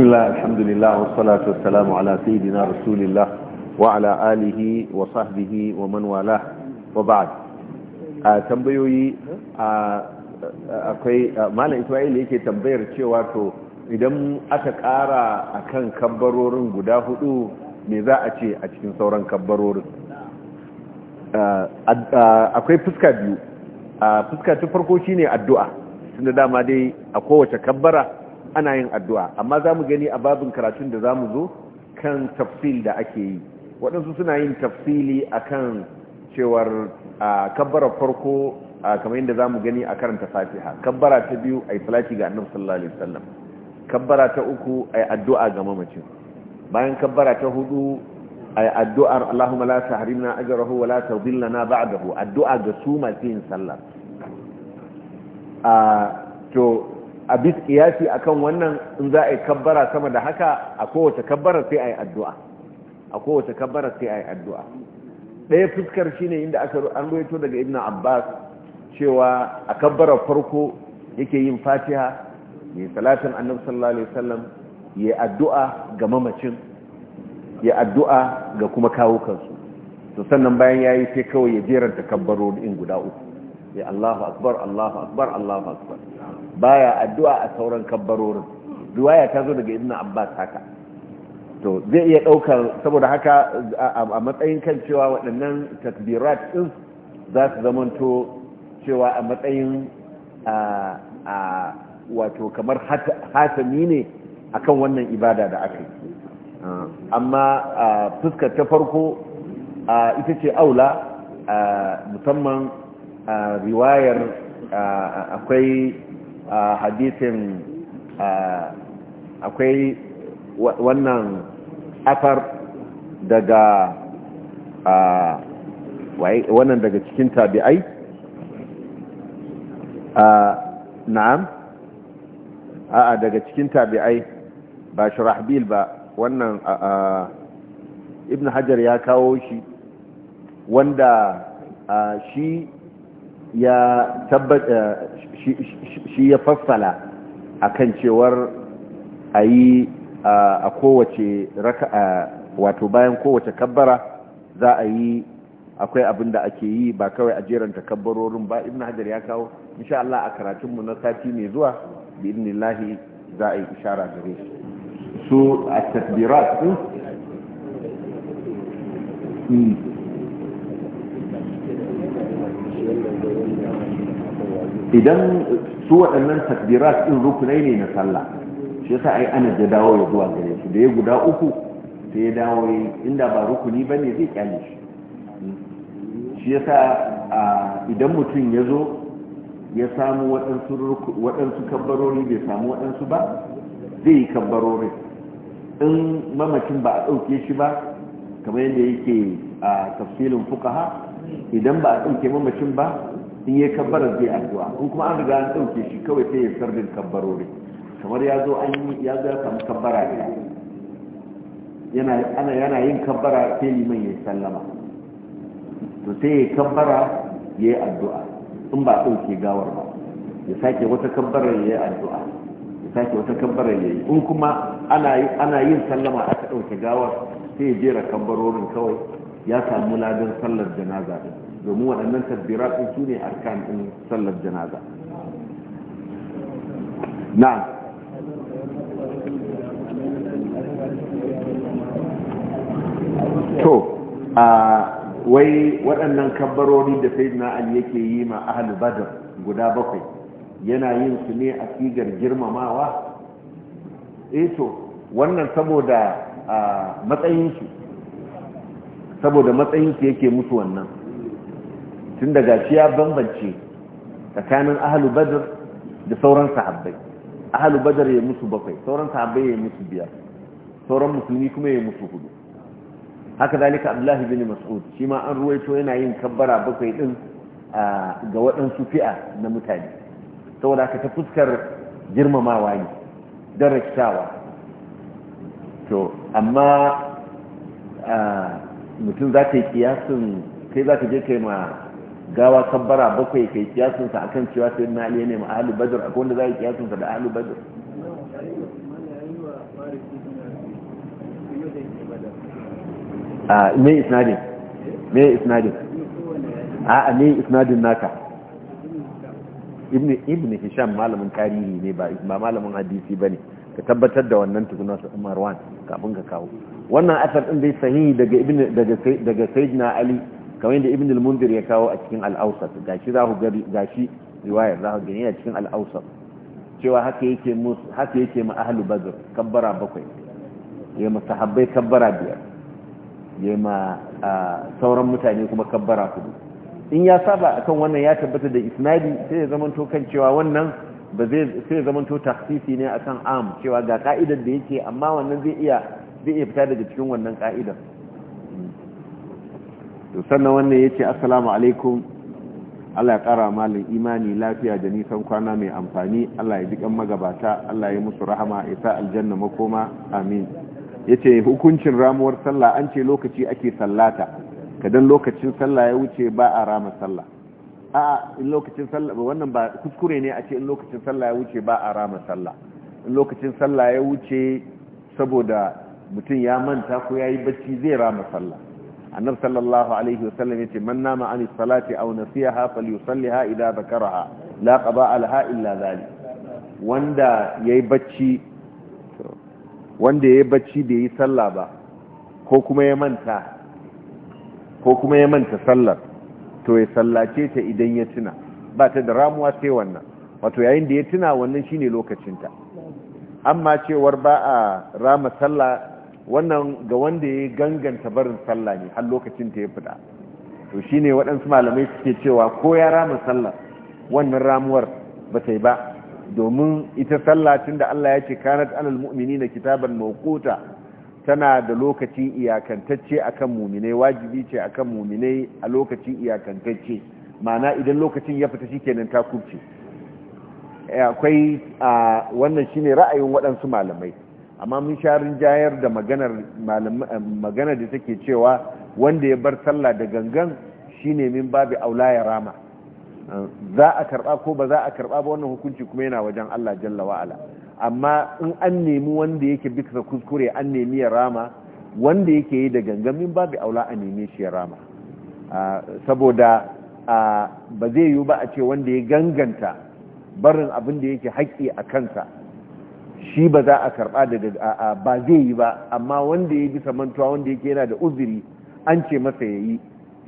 بسم الله ala لله rasulillah wa ala alihi wa sahbihi wa man wala wa والاه a tambayoyi akwai malam Isma'il yake tambayar cewa to idan aka kara akan kabbarorin guda hudu me za a ce a cikin sauran kabbarorin akwai fuska biyu fuska ta farko shine addu'a tunda dama dai a kowace kabbara ana yin addu'a amma za mu gani a babin karatun da za mu zo kan tafsil da ake yi waɗansu suna yin tafsili a kan cewar kabbarar farko kamar yadda za mu gani a karanta fatiha kabbara ta biyu a yi salati ga annabu sallallahu alaihi wasallam kabbara ta uku a yi addu'a ga mamacin bayan kabbara ta hudu a yi addu'ar allahumma la na ajrahu wa la addu'a ga su masu yin sallah a bis kiyasi akan wannan in za a yi kabbara sama da haka a kowace kabbara sai a yi addu'a a kowace kabbara sai a yi addu'a ɗaya fuskar shine inda aka an ruwaito daga ibn abbas cewa a kabbara farko yake yin fatiha mai salatin annabi sallallahu alaihi wasallam ya addu'a ga mamacin ya addu'a ga kuma kawo kansu to sannan bayan yayi sai kawai ya jeranta kabbaro in guda uku ya Allahu akbar Allahu akbar Allahu akbar baya addu'a a sauran kabbarorin riwaya ta zo daga ibnu abbas haka to zai iya daukar saboda haka a matsayin kan cewa waɗannan takbirat din za su zamanto cewa a matsayin a wato kamar hatami ne akan wannan ibada da aka yi amma fuskar ta farko ita ce aula musamman riwayar akwai a hadisin akwai wannan afar daga wannan daga cikin tabi'ai na'am a'a daga cikin tabi'ai ba shirahbil ba wannan ibn hajar ya kawo shi wanda shi ya tabbata shi ya fassala kan cewar a yi a kowace a wato bayan kowace kabbara za a yi akwai abin da ake yi ba kawai a jeran takabbarorin ba ibn hajar ya kawo insha Allah a karatunmu na sati mai zuwa bi idnillahi za a yi ishara gare su a tasbirat hmm? idan su waɗannan takbirat ɗin rukunai ne na sallah shi yasa ai ana da dawo ya zuwa gare shi da ya guda uku sai ya dawo inda ba rukuni ba ne zai kyale shi shi yasa idan mutum ya zo ya samu waɗansu kabbarori bai samu waɗansu ba zai yi kabbarori in mamacin ba a ɗauke shi ba kamar yadda yake a tafsirin fukaha idan ba a ɗauke mamacin ba in yi kabbarar zai addu'a in kuma an riga an ɗauke shi kawai sai ya sarrin kabbarori kamar ya zo an yi ya zo ya samu kabbara ɗaya yana yana yin kabbara sai liman ya sallama to sai ya kabbara ya yi addu'a in ba ɗauke gawar ba ya sake wata kabbarar ya yi addu'a ya sake wata kabbarar ya yi in kuma ana yin sallama aka ɗauke gawar sai ya jera kabbarorin kawai ya samu ladan sallar janaza ɗin domin waɗannan tabbira ɗin su ne arkan ɗin sallar janaza na to a wai waɗannan kabbaroni da sai na ali yake yi ma ahal badar guda bakwai yana yin su ne a sigar girmamawa E to wannan saboda matsayinsu saboda matsayinsu yake musu wannan tun daga shi ya bambance tsakanin ahalu badar da sauran sahabbai ahalu badar ya musu bakwai sauran sahabbai ya musu biyar sauran musulmi kuma ya musu hudu haka zalika abdullahi bin mas'ud shi ma an ruwaito yana yin kabbara bakwai din ga waɗansu fi'a na mutane saboda haka ta fuskar girmamawa ne darasawa to amma mutum za ta yi kiyasin kai za je kai ma gawa kabbara bakwai kai kiyasun sa akan cewa sai na ali ne ma ahli badr akwai wanda zai yi sa da ahli badr a ah, me isnadin me isnadin a ah, me isnadin naka ibn ibn hisham malamin tarihi ne ba ba malamin hadisi bane ka tabbatar da wannan tukuna su wan kafin ka kawo wannan asar din dai sahihi daga ibn daga daga sayyidina ali kamar yadda ibn al-mundir ya kawo a cikin al-awsat gashi za ku gashi riwayar za ku gani a cikin al-awsat cewa haka yake mu haka yake mu ahlu badr kabbara bakwai ya ma sahabbai kabbara biyar ya ma sauran mutane kuma kabbara kudu in ya saba akan wannan ya tabbata da isnadi sai ya zamanto kan cewa wannan ba zai sai ya zamanto takhsisi ne akan am cewa ga ka'idar da yake amma wannan zai iya zai iya fita daga cikin wannan ka'idar to sannan wannan ya ce assalamu alaikum Allah ya ƙara malin imani lafiya da nisan kwana mai amfani Allah ya jikan magabata Allah ya musu rahama ya sa aljanna makoma amin ya ce hukuncin ramuwar sallah an ce lokaci ake sallata kadan lokacin sallah ya wuce ba a rama sallah a in lokacin sallah ba wannan ba kuskure ne a ce in lokacin sallah ya wuce ba a rama sallah in lokacin sallah ya wuce saboda mutum ya manta ko ya yi bacci zai rama sallah annab sallallahu alaihi wasallam yace man nama an salati aw nasiha falyusalliha idza dhakaraha la qada alha illa zali wanda yayi bacci wanda yayi bacci bai yi sallah ba ko kuma ya manta ko kuma ya manta sallar to ya sallace ta idan ya tuna ba ta da ramuwa sai wannan wato yayin da ya tuna wannan shine lokacinta amma cewar ba a rama sallah wannan ga wanda ya ganganta barin sallah ne har lokacin ta ya fita to shine waɗansu malamai suke cewa ko ya rama sallah wannan ramuwar ba ta yi ba domin ita sallah da Allah ya ce kanat alal na kitaban mawquta tana da lokaci iyakantacce akan mu'minai wajibi ce akan mu'minai a lokaci iyakantacce ma'ana idan lokacin ya fita shikenan ta kubce akwai wannan shine ra'ayin waɗansu malamai amma mun sha rinjayar da maganar eh, da take cewa wanda ya bar sallah da gangan shine min babu aula ya rama eh, za a karba ko ba za a karba ba wannan hukunci kuma yana wajen Allah jalla ala amma in an nemi wanda yake bisa kuskure an nemi ya rama wanda yake yi da gangan min babu aula a neme shi ya rama eh, saboda ba zai yiwu ba a ce wanda ya ganganta barin abin da yake haƙƙi a kansa shi ba za a karba daga ba zai yi ba amma wanda ya yi bisa mantuwa wanda yake yana da uzuri an ce masa ya yi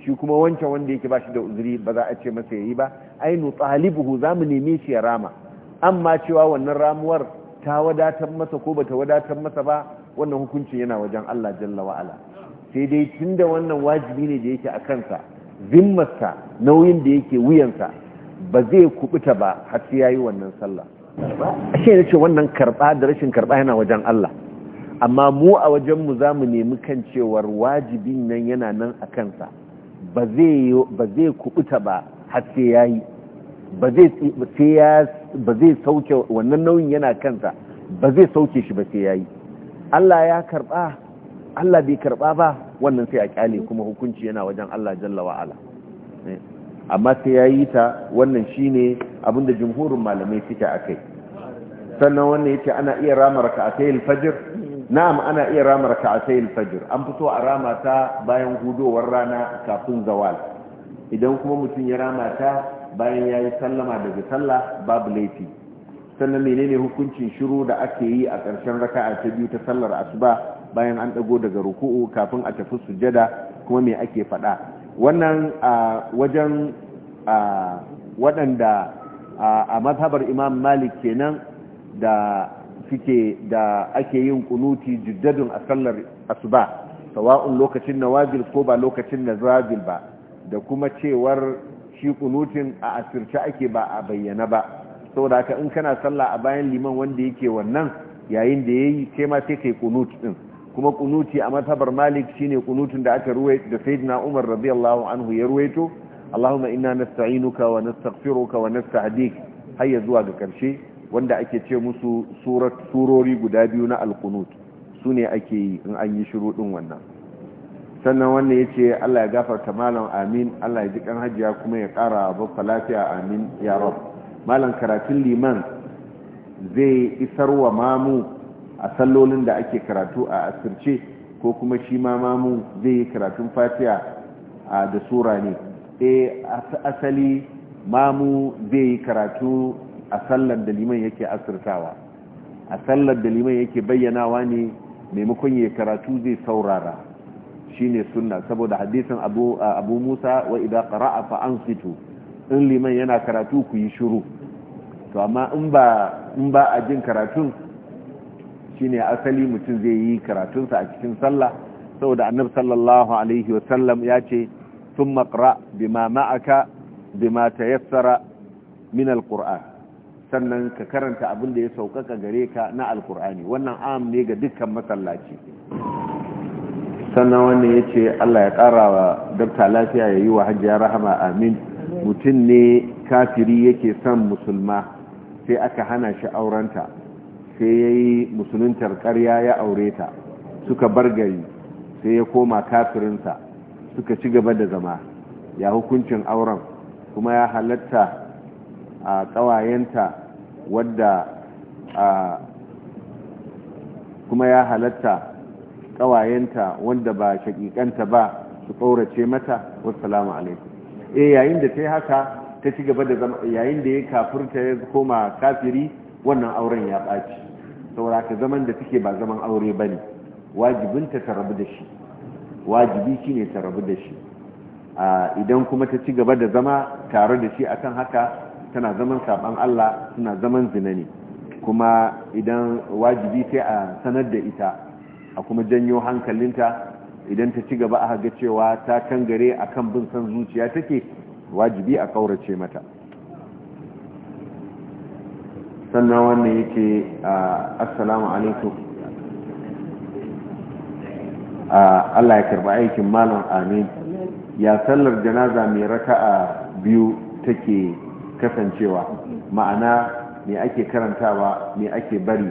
shi kuma wancan wanda yake ba shi da uzuri ba za a ce masa ya yi ba ainu talibuhu za mu neme shi ya rama amma cewa wannan ramuwar ta wadatar masa ko ba ta wadatar masa ba wannan hukuncin yana wajen Allah jalla wa'ala sai dai tunda wannan wajibi ne da yake a kansa zimmarsa nauyin da yake wuyansa ba zai kubuta ba har sai yi wannan sallah shi ne ce wannan karba da rashin karɓa yana wajen Allah amma mu a wajen mu zamu nemi kan cewar wajibin nan yana nan a kansa ba zai ba zai kubuta ba har sai yayi ba zai sai ba zai sauke wannan nauyin yana kansa ba zai sauke shi ba sai yayi Allah ya karba Allah bai karɓa ba wannan sai a kyale kuma hukunci yana wajen Allah jalla wa amma sai ya yi ta wannan shi ne abinda jimhurin malamai suke a kai sannan wannan ya ce ana iya ramar ka a sayil fajir na'am ana iya ramar ka a sayil fajir an fito a rama ta bayan hudowar rana kafin zawal idan kuma mutum ya rama ta bayan ya yi sallama daga sallah babu laifi sannan menene hukuncin shiru da ake yi a ƙarshen raka'a ta biyu ta sallar asuba bayan an ɗago daga ruku'u kafin a tafi sujada kuma me ake faɗa wannan a wajen waɗanda a mazhabar imam malik kenan da suke da ake yin kunuti jiddadin a sallar asuba sawa'un lokacin na wajil ko ba lokacin na nawazil ba da kuma cewar shi kunutin a asirce ake ba a bayyana ba Sau da haka in kana sallah a bayan liman wanda yake wannan yayin da yayi kai ma sai kai kunut din kuma kunuti a matabar malik shine kunutun da aka ruwa da saidina umar radiyallahu anhu ya ruwaito allahumma inna nasta'inuka wa nastaghfiruka wa nasta'dik har ya zuwa ga karshe wanda ake ce musu surat surori guda biyu na alqunut sune ake yi in an yi shiru din wannan sannan wannan yace Allah ya gafarta malam amin Allah ya ji kan hajiya kuma ya kara babba lafiya amin ya rab malam karatun liman zai isar wa mamu a sallolin da ake karatu a asirce ko kuma shi ma zai yi karatun a da sura ne e asali mamu zai yi karatu a sallar da liman yake asirtawa a sallar da liman yake bayyanawa ne maimakon ya karatu zai saurara shi ne sunna saboda hadisan abu, musa wa idan ƙara'a fa fito in liman yana karatu ku yi shuru to amma in ba a jin karatun shine asali mutum zai yi karatunsa a cikin sallah saboda annabi sallallahu alaihi wasallam ya ce sun makra bima ma'aka bima tayassara min alqur'an sannan ka karanta abin da ya sauƙaƙa gare ka na alkur'ani wannan am ne ga dukkan masallaci sannan wannan ya ce allah ya karawa wa dabta lafiya ya yi wa hajjiya rahama amin mutum ne kafiri yake son musulma sai aka hana shi aurenta sai ya yi musuluntar ƙarya ya aure ta suka bar gari sai ya koma kafirinsa suka ci gaba da zama ya hukuncin auren kuma ya halatta a ƙawayenta wadda a kuma ya halatta ƙawayenta wanda ba shakikanta ba su ƙaurace mata wassalamu alaikum eh yayin da ta yi haka ta ci gaba da zama yayin da ya kafirta ya koma kafiri wannan auren ya ɓaci saboda ka zaman da take ba zaman aure ba ne wajibinta ta rabu da shi wajibi shi ne ta rabu da shi idan kuma ta ci gaba da zama tare da shi akan haka tana zaman saɓan allah suna zaman zina ne kuma idan wajibi sai a sanar da ita a kuma janyo hankalinta idan ta ci gaba a ga cewa ta kangare akan bin san zuciya take wajibi a ƙaurace mata sannan wannan yake assalamu alaikum Allah ya karba aikin malam amin ya sallar janaza mai raka'a biyu take kasancewa ma'ana me ake karantawa me ake bari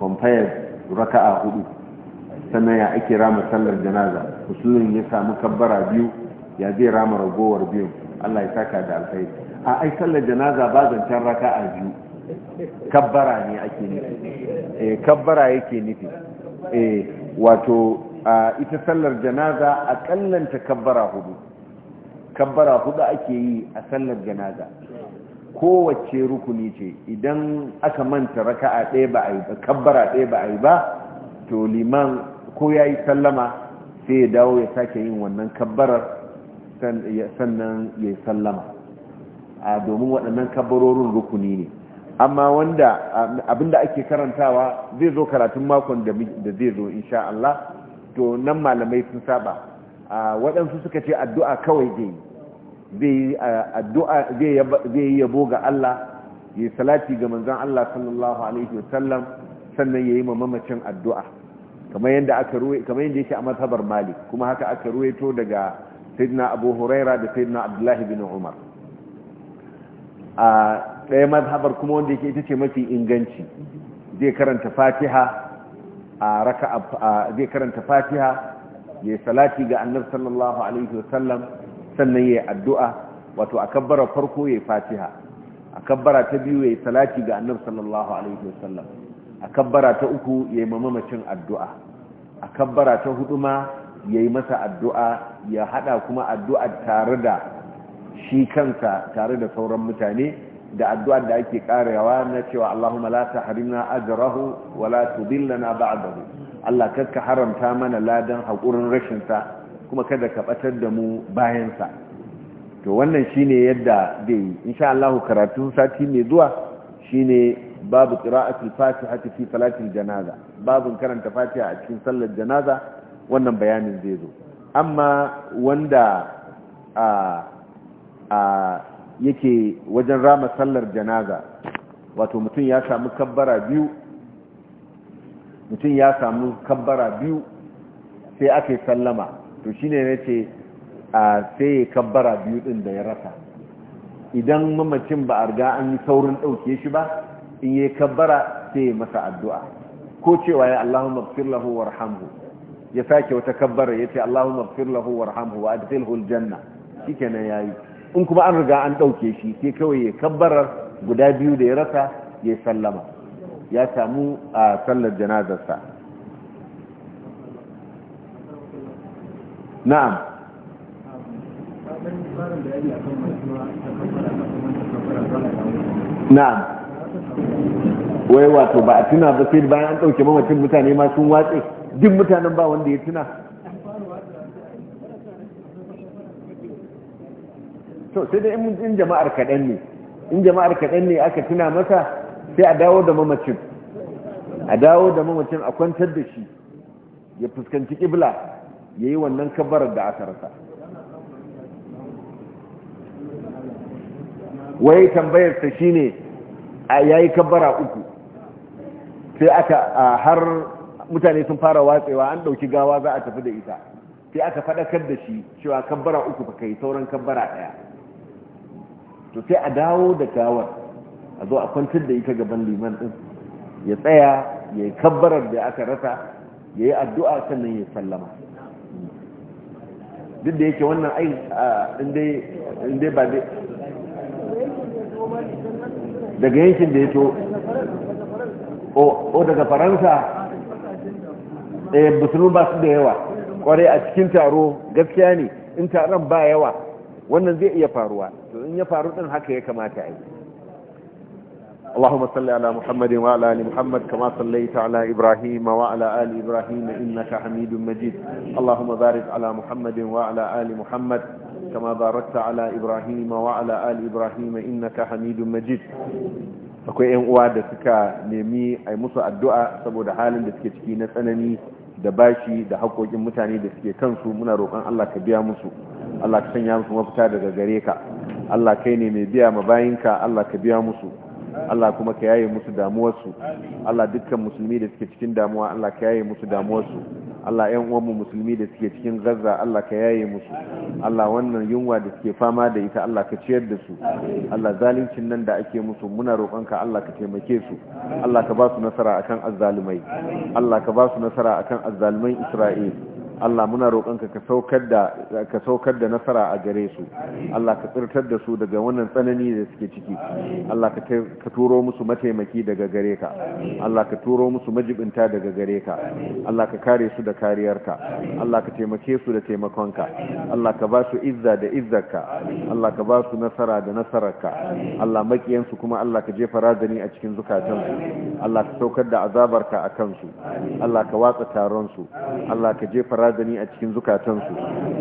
compare raka'a hudu sannan ya ake rama sallar janaza kusurin ya samu kabbara biyu ya zai rama ragowar biyu Allah ya saka da alfai a ai sallar janaza ba zancen raka'a biyu kabbara ne ake nufi eh kabbara yake nufi eh wato ita sallar janaza a kallanta kabbara hudu kabbara hudu ake yi a sallar janaza kowace rukuni ce idan aka manta raka'a ɗaya ba a ba kabbara ɗaya ba a yi ba to liman ko ya yi sallama sai ya dawo ya sake yin wannan kabbarar sannan ya sallama a domin waɗannan kabbarorin rukuni ne amma wanda abin da ake karantawa zai zo karatun makon da zai zo insha Allah to nan malamai sun saba waɗansu suka ce addu'a kawai zai yi yi yabo ga Allah ya salati ga manzan Allah sallallahu alaihi wasallam sannan ya yi mamacin addu'a kamar yadda aka ruwe kamar yadda yake a matsabar malik kuma haka aka ruweto daga sayyidina abu huraira da sayyidina abdullahi bin umar ɗaya mazhabar kuma wanda yake ita ce mafi inganci zai karanta fatiha a raka zai karanta fatiha ya salati ga annabi sallallahu alaihi wasallam sannan ya addu'a wato a kabbara farko ya fatiha a kabbara ta biyu ya salati ga annabi sallallahu alaihi wasallam a kabbara ta uku ya mamamacin addu'a a kabbara ta hudu ma ya yi masa addu'a ya hada kuma addu'a tare da shi kansa tare da sauran mutane da addu'ar da ake ƙarewa na cewa Allahumma la tahrimna ajrahu wa la tudillana ba'dahu Allah ka haramta mana ladan hakurin rashin sa kuma kada ka batar da mu bayansa. to wannan shine yadda dai insha Allah karatun sati mai zuwa shine babu qira'atul fatihati fi salatil janaza Babu karanta fatiha a cikin sallar janaza wannan bayanin zai zo amma wanda a a yake wajen rama sallar janaza wato mutum ya samu kabbara biyu mutum ya samu kabbara biyu sai aka sallama to shine ne ce a sai ya kabbara biyu din da ya rasa idan mamacin ba a riga an yi saurin ɗauke shi ba in yi kabbara sai ya masa addu'a ko cewa ya Allahumma gfir lahu warhamhu ya sake wata kabbara ya ce Allahumma gfir lahu warhamhu wa adkhilhu aljanna shikenan yayi in kuma an riga an ɗauke shi sai kawai ya kabbarar guda biyu da ya rasa ya sallama ya samu a sallar janazarsa na'am na'am wai wato ba a tuna ba sai bayan an ɗauke mamacin mutane ma sun watse duk mutanen ba wanda ya tuna to sai dai in jama'ar kaɗan ne in jama'ar kaɗan ne aka tuna masa sai a dawo da mamacin a dawo da mamacin a kwantar da shi ya fuskanci ƙibla ya yi wannan kabarar da aka rasa wai ta shi ne ya yi kabara uku sai aka har mutane sun fara watsewa an ɗauki gawa za a tafi da ita sai aka faɗakar da shi cewa kabbara uku fa kai sauran kabbara ɗaya to sai a dawo da kawar a zo a kwantar da ita gaban liman din ya tsaya ya yi kabbarar da aka rasa ya yi addu'a sannan ya sallama duk da yake wannan ai inda ba dai daga yankin da ya to o daga faransa ɗaya eh, musulun ba su da yawa kwarai a cikin taro gaskiya ne in taron ba yawa wannan zai iya faruwa to in ya faru din haka ya kamata ai اللهم صل على محمد وعلى آل محمد كما صليت على إبراهيم وعلى آل إبراهيم إنك حميد مجيد اللهم بارك على محمد وعلى آل محمد كما باركت على إبراهيم وعلى آل إبراهيم إنك حميد مجيد akwai 'yan uwa da suka nemi a musu addu'a saboda halin da suke ciki na tsanani da bashi da haƙoƙin mutane da suke kansu muna roƙon Allah ka biya musu Allah ka sanya musu mafita daga gare ka Allah kai ne mai biya ma bayinka Allah ka biya musu Allah kuma ka yaye musu damuwarsu Allah dukkan musulmi da suke cikin damuwa Allah ka yaye musu damuwarsu Allah ‘yan uwanmu musulmi da suke cikin gaza Allah ka yaye musu Allah wannan yunwa da suke fama da ita Allah ka ciyar da su Allah zalincin nan da ake musu muna ka Allah ka taimake su Allah ka ba su nasara akan azzalumai Allah ka ba su nasara akan azzaluman Isra'il Allah muna roƙonka ka saukar da ka saukar da nasara a gare su Allah ka tsirtar da su daga wannan tsanani da suke ciki Allah ka turo musu mataimaki daga gare ka Allah ka turo musu majibinta daga gare ka Allah ka kare su da kariyarka Allah ka taimake su da taimakonka Allah ka ba su izza da izzarka Allah ka ba su nasara da nasararka Allah makiyansu kuma Allah ka jefa razani a cikin zukatansu Allah ka saukar da azabarka a kansu Allah ka watsa taron su Allah ka jefa azani a cikin zukatansu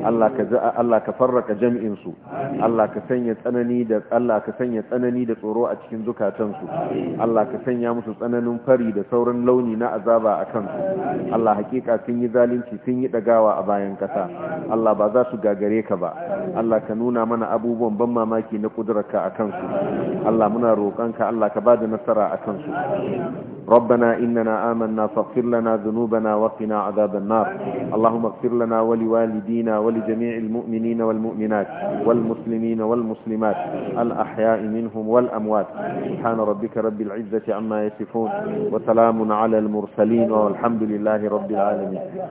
Allah ka Allah ka farraka jami'in su Allah ka sanya tsanani da Allah ka sanya tsanani da tsoro a cikin zukatansu Allah ka sanya musu tsananin fari da sauran launi na azaba a kansu Allah hakika sun yi zalunci sun yi dagawa a bayan kasa Allah ba za su gagare ka ba Allah ka nuna mana abubuwan ban mamaki na kudurarka a kansu Allah muna roƙonka Allah ka bada nasara a kansu ربنا إننا آمنا فاغفر لنا ذنوبنا وقنا عذاب النار اللهم اغفر لنا ولوالدينا ولجميع المؤمنين والمؤمنات والمسلمين والمسلمات الأحياء منهم والأموات سبحان ربك رب العزة عما يصفون وسلام على المرسلين والحمد لله رب العالمين